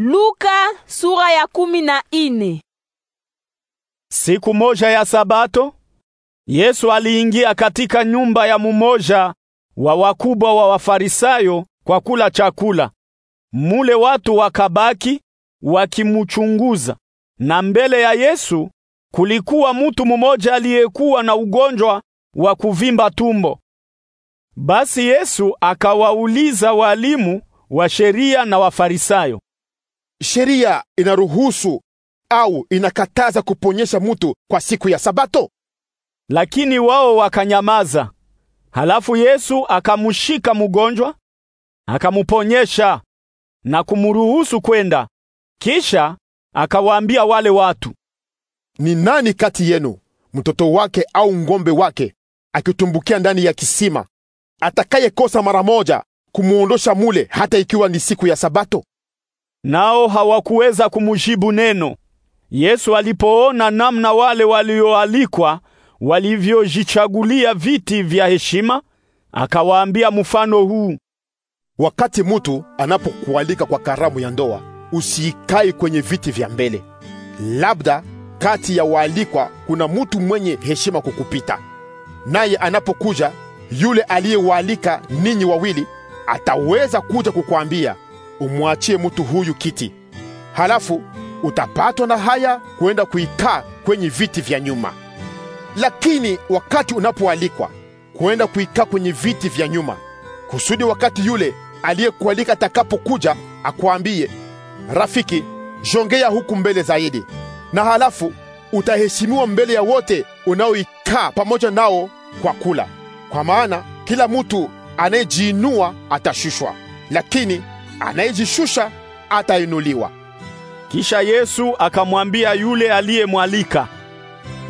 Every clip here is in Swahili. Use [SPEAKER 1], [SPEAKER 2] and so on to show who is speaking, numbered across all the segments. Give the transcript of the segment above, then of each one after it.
[SPEAKER 1] Luka sura ya kumi na ine. Siku moja ya Sabato, Yesu aliingia katika nyumba ya mumoja wa wakubwa wa Wafarisayo kwa kula chakula. Mule watu wakabaki wakimuchunguza, na mbele ya Yesu kulikuwa mutu mumoja aliyekuwa na ugonjwa wa kuvimba tumbo. Basi Yesu akawauliza walimu wa sheria na Wafarisayo sheria inaruhusu au inakataza kuponyesha mtu kwa siku ya Sabato? Lakini wao wakanyamaza. Halafu Yesu akamshika mgonjwa, akamuponyesha na kumruhusu kwenda. Kisha akawaambia wale watu, ni nani
[SPEAKER 2] kati yenu mtoto wake au ng'ombe wake akitumbukia ndani ya kisima atakayekosa mara moja kumwondosha mule, hata ikiwa ni siku ya Sabato?
[SPEAKER 1] nao hawakuweza kumjibu neno. Yesu alipoona namna wale walioalikwa walivyojichagulia viti vya heshima,
[SPEAKER 2] akawaambia mfano huu: wakati mtu anapokualika kwa karamu ya ndoa, usiikai kwenye viti vya mbele. Labda kati ya waalikwa kuna mtu mwenye heshima kukupita, naye anapokuja yule aliyewaalika ninyi wawili ataweza kuja kukwambia umwachie mtu huyu kiti, halafu utapatwa na haya kwenda kuikaa kwenye viti vya nyuma. Lakini wakati unapoalikwa kwenda kuikaa kwenye viti vya nyuma, kusudi wakati yule aliyekualika atakapokuja akwambie rafiki, jongea huku mbele zaidi, na halafu utaheshimiwa mbele ya wote unaoikaa pamoja nao kwa kula. Kwa maana kila mtu anayejiinua atashushwa, lakini anayejishusha
[SPEAKER 1] atainuliwa. Kisha Yesu akamwambia yule aliyemwalika,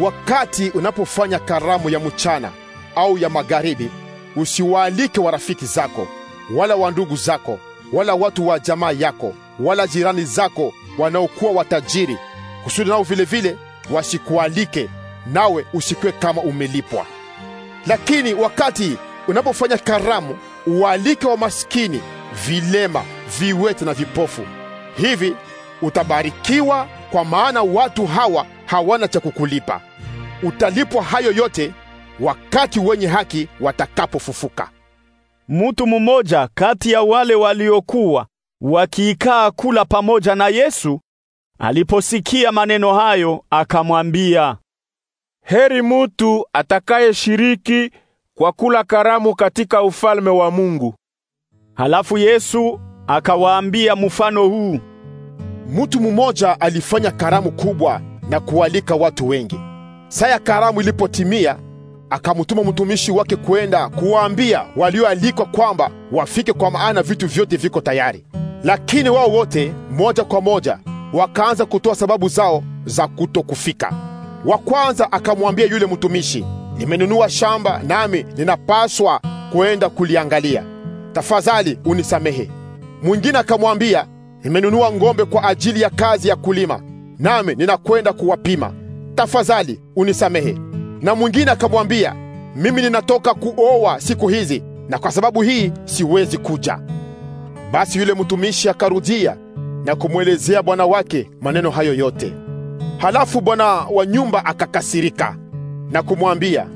[SPEAKER 2] wakati unapofanya karamu ya mchana au ya magharibi, usiwaalike warafiki zako wala wandugu zako wala watu wa jamaa yako wala jirani zako wanaokuwa watajiri, kusudi nao vilevile wasikualike, nawe usikuwe kama umelipwa. Lakini wakati unapofanya karamu, uwaalike wa maskini, vilema viwete na vipofu. Hivi utabarikiwa, kwa maana watu hawa hawana cha kukulipa. Utalipwa hayo yote wakati wenye haki watakapofufuka.
[SPEAKER 1] Mtu mmoja kati ya wale waliokuwa wakiikaa kula pamoja na Yesu aliposikia maneno hayo akamwambia, heri mutu atakayeshiriki kwa kula karamu katika ufalme wa Mungu. Halafu Yesu Akawaambia mfano huu:
[SPEAKER 2] mtu mmoja alifanya karamu kubwa na kualika watu wengi. Saa ya karamu ilipotimia, akamtuma mtumishi wake kwenda kuwaambia walioalikwa kwamba wafike, kwa maana vitu vyote viko tayari. Lakini wao wote moja kwa moja wakaanza kutoa sababu zao za kutokufika. Wa kwanza akamwambia yule mtumishi, nimenunua shamba nami ninapaswa kwenda kuliangalia, tafadhali unisamehe. Mwingine akamwambia, nimenunua ng'ombe kwa ajili ya kazi ya kulima, nami ninakwenda kuwapima, tafadhali unisamehe. Na mwingine akamwambia, mimi ninatoka kuoa siku hizi, na kwa sababu hii siwezi kuja. Basi yule mtumishi akarudia na kumwelezea bwana wake maneno hayo yote. Halafu bwana wa nyumba akakasirika na kumwambia,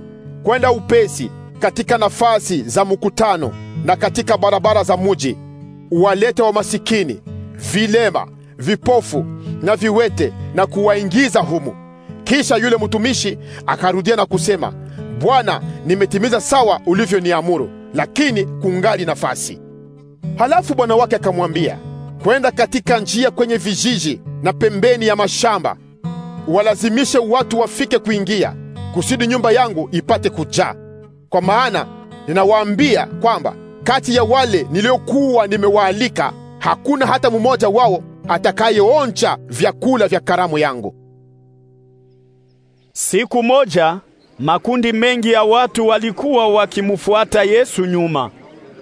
[SPEAKER 2] kwenda upesi katika nafasi za mkutano na katika barabara za muji uwalete wa masikini, vilema, vipofu na viwete na kuwaingiza humu. Kisha yule mtumishi akarudia na kusema, Bwana, nimetimiza sawa ulivyoniamuru, lakini kungali nafasi. Halafu bwana wake akamwambia, kwenda katika njia kwenye vijiji na pembeni ya mashamba, walazimishe watu wafike kuingia, kusudi nyumba yangu ipate kujaa, kwa maana ninawaambia kwamba kati ya wale niliokuwa nimewaalika hakuna hata mmoja wao atakayeonja vyakula vya karamu yangu.
[SPEAKER 1] Siku moja makundi mengi ya watu walikuwa wakimfuata Yesu nyuma.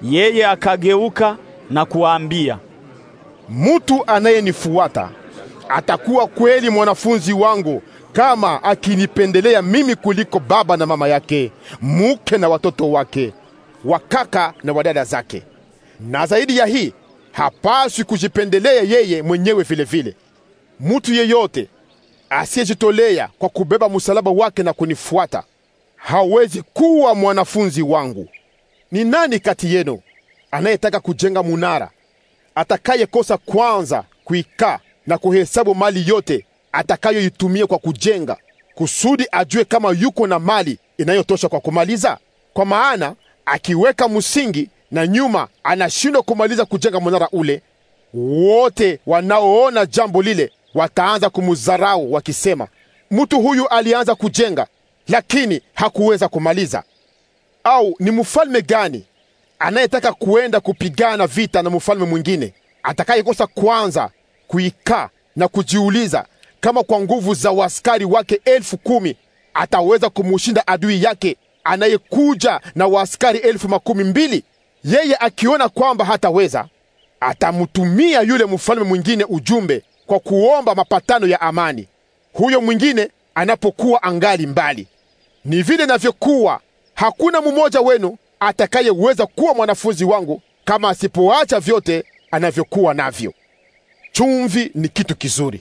[SPEAKER 1] Yeye akageuka na kuwaambia, Mutu
[SPEAKER 2] anayenifuata atakuwa kweli mwanafunzi wangu kama akinipendelea mimi kuliko baba na mama yake, muke na watoto wake wakaka na wadada zake, na zaidi ya hii hapaswi kujipendelea yeye mwenyewe vile vile Mtu yeyote asiyejitolea kwa kubeba msalaba wake na kunifuata hawezi kuwa mwanafunzi wangu. Ni nani kati yenu anayetaka kujenga munara, atakayekosa kwanza kuikaa na kuhesabu mali yote atakayoitumia kwa kujenga, kusudi ajue kama yuko na mali inayotosha kwa kumaliza? Kwa maana akiweka msingi na nyuma anashindwa kumaliza kujenga mnara ule, wote wanaoona jambo lile wataanza kumudharau wakisema, mtu huyu alianza kujenga lakini hakuweza kumaliza. Au ni mfalme gani anayetaka kuenda kupigana vita na mfalme mwingine atakayekosa kwanza kuikaa na kujiuliza kama kwa nguvu za waskari wake elfu kumi ataweza kumushinda adui yake anayekuja na waaskari elfu makumi mbili, yeye akiona kwamba hataweza, atamtumia yule mfalme mwingine ujumbe kwa kuomba mapatano ya amani, huyo mwingine anapokuwa angali mbali. Ni vile navyokuwa hakuna mmoja wenu atakayeweza kuwa mwanafunzi wangu kama asipoacha vyote anavyokuwa navyo. Chumvi ni kitu kizuri,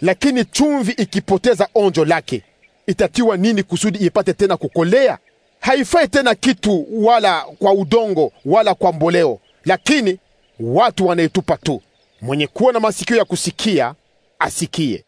[SPEAKER 2] lakini chumvi ikipoteza onjo lake itatiwa nini kusudi ipate tena kukolea? haifai tena kitu wala kwa udongo wala kwa mboleo, lakini watu wanaitupa tu. Mwenye kuwa na masikio ya kusikia asikie.